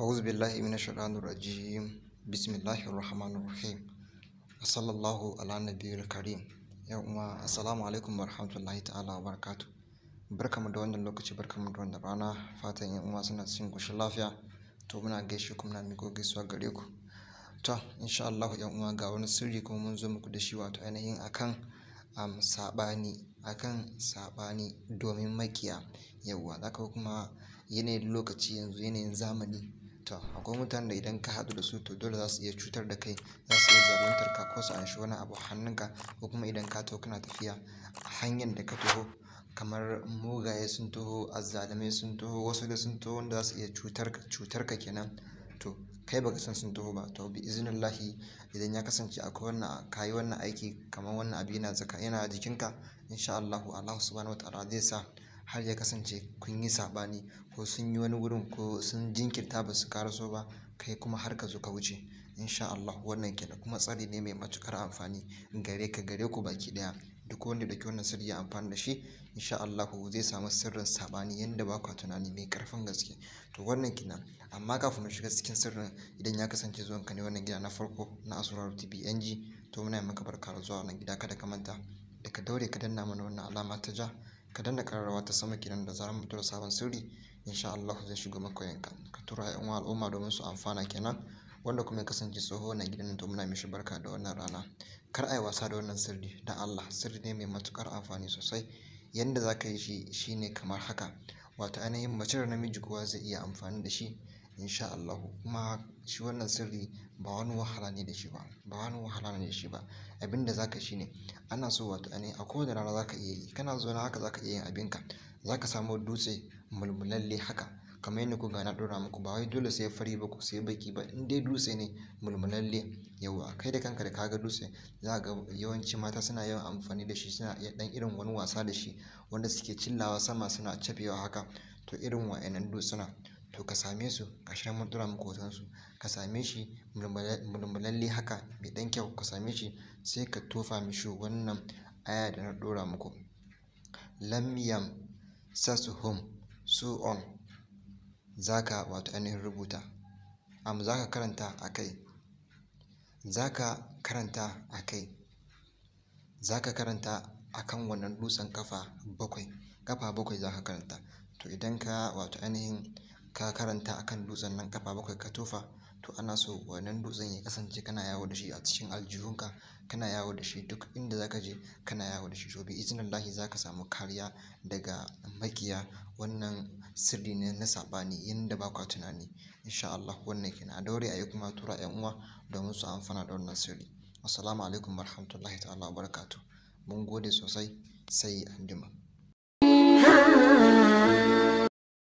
أعوذ بالله من الشيطان الرجيم بسم الله الرحمن الرحيم وصلى الله على النبي الكريم يوم السلام عليكم ورحمة الله تعالى وبركاته barkamu da wannan lokaci barkamu da wannan rana fatan yan uwa suna cikin koshin lafiya to muna gaishe kuma muna miko gaisuwa gare ku to insha Allah yan uwa ga wani sirri kuma mun zo muku da shi wato ainihin akan um, sabani akan sabani domin makiya yawwa zaka kuma yanayin lokaci yanzu yanayin zamani to akwai mutanen da idan ka haɗu da su to dole za su iya cutar da kai za su iya zaluntar ka ko su anshi wani abu hannunka ko kuma idan ka taho kana tafiya a hanyar da ka taho kamar mugaye sun taho azzalumai sun taho wasu da sun taho wanda za su iya cutar ka kenan to kai baka san sun taho ba to bi iznillahi idan ya kasance akwai wannan kayi wannan aiki kamar wannan abu yana jikinka insha allahu Allah subhanahu ta'ala zai sa har ya kasance kun yi saɓani ko sun yi wani wurin ko sun jinkirta ba su karaso ba kai kuma har ka zo ka wuce insha Allah wannan kenan kuma tsari ne mai matukar amfani gare ka gare ku baki ɗaya duk wanda da wannan sirri ya amfani da shi insha Allah zai samu sirrin sabani yanda ba ka tunani mai karfin gaske to wannan kenan amma kafin mu shiga cikin sirrin idan ya kasance zuwan ka ne wannan gida na farko na Asrar TV NG to muna maka barka zuwa wannan gida kada ka manta da ka daure ka danna mana wannan alama ta ja ka danna ƙararrawa ta sama kenan da zarar mu sabon sirri insha Allah zai shiga makoyanka ka tura ƴan uwa al'umma domin su amfana kenan wanda kuma ya kasance tsoho na gidan to muna mishi barka da wannan rana kar a yi wasa da wannan sirri da Allah sirri ne mai matukar amfani sosai yanda zaka yi shi shine kamar haka wato ainihin mace da namiji kowa zai iya amfani da shi insha Allahu kuma shi wannan sirri ba wani wahala ne da shi ba ba wani wahala ne da shi ba abin da zaka shine ne ana so wato ne a kowane rana zaka iya yi kana na haka zaka iya yin abinka zaka samu dutse mulmulalle haka kamar yadda kuka na dora muku ba wai dole sai fari ba ku sai baki ba in dai dutse ne mulmulalle yawa kai da kanka da kaga dutse za ga yawanci mata suna yawan amfani da shi suna iya ɗan irin wani wasa da shi wanda suke cillawa sama suna cafewa haka to irin wa'annan dutsuna to ka same su gashi nan mun ɗora muku hoton su ka same shi mulmulalle haka mai dan kyau ka same shi sai ka tofa mishi wannan aya da na ɗora muku lam yam sasuhum su on zaka wato ainihin rubuta am zaka karanta a kai zaka karanta a kai zaka karanta kan wannan dutsen kafa bakwai kafa bakwai zaka karanta to idan ka wato ainihin ka karanta akan dutsen nan kafa bakwai ka tofa to ana so wannan dutsen ya kasance kana yawo da shi a cikin aljihunka kana yawo da shi duk inda zaka je kana yawo da shi to bi lahi zaka samu kariya daga makiya wannan sirri ne na sabani yanda ba kwa tunani insha Allah wannan kenan a daure a yi kuma tura ƴan uwa domin su amfana da wannan sirri assalamu alaikum warahmatullahi ta'ala wabarakatuh mun gode sosai sai anjima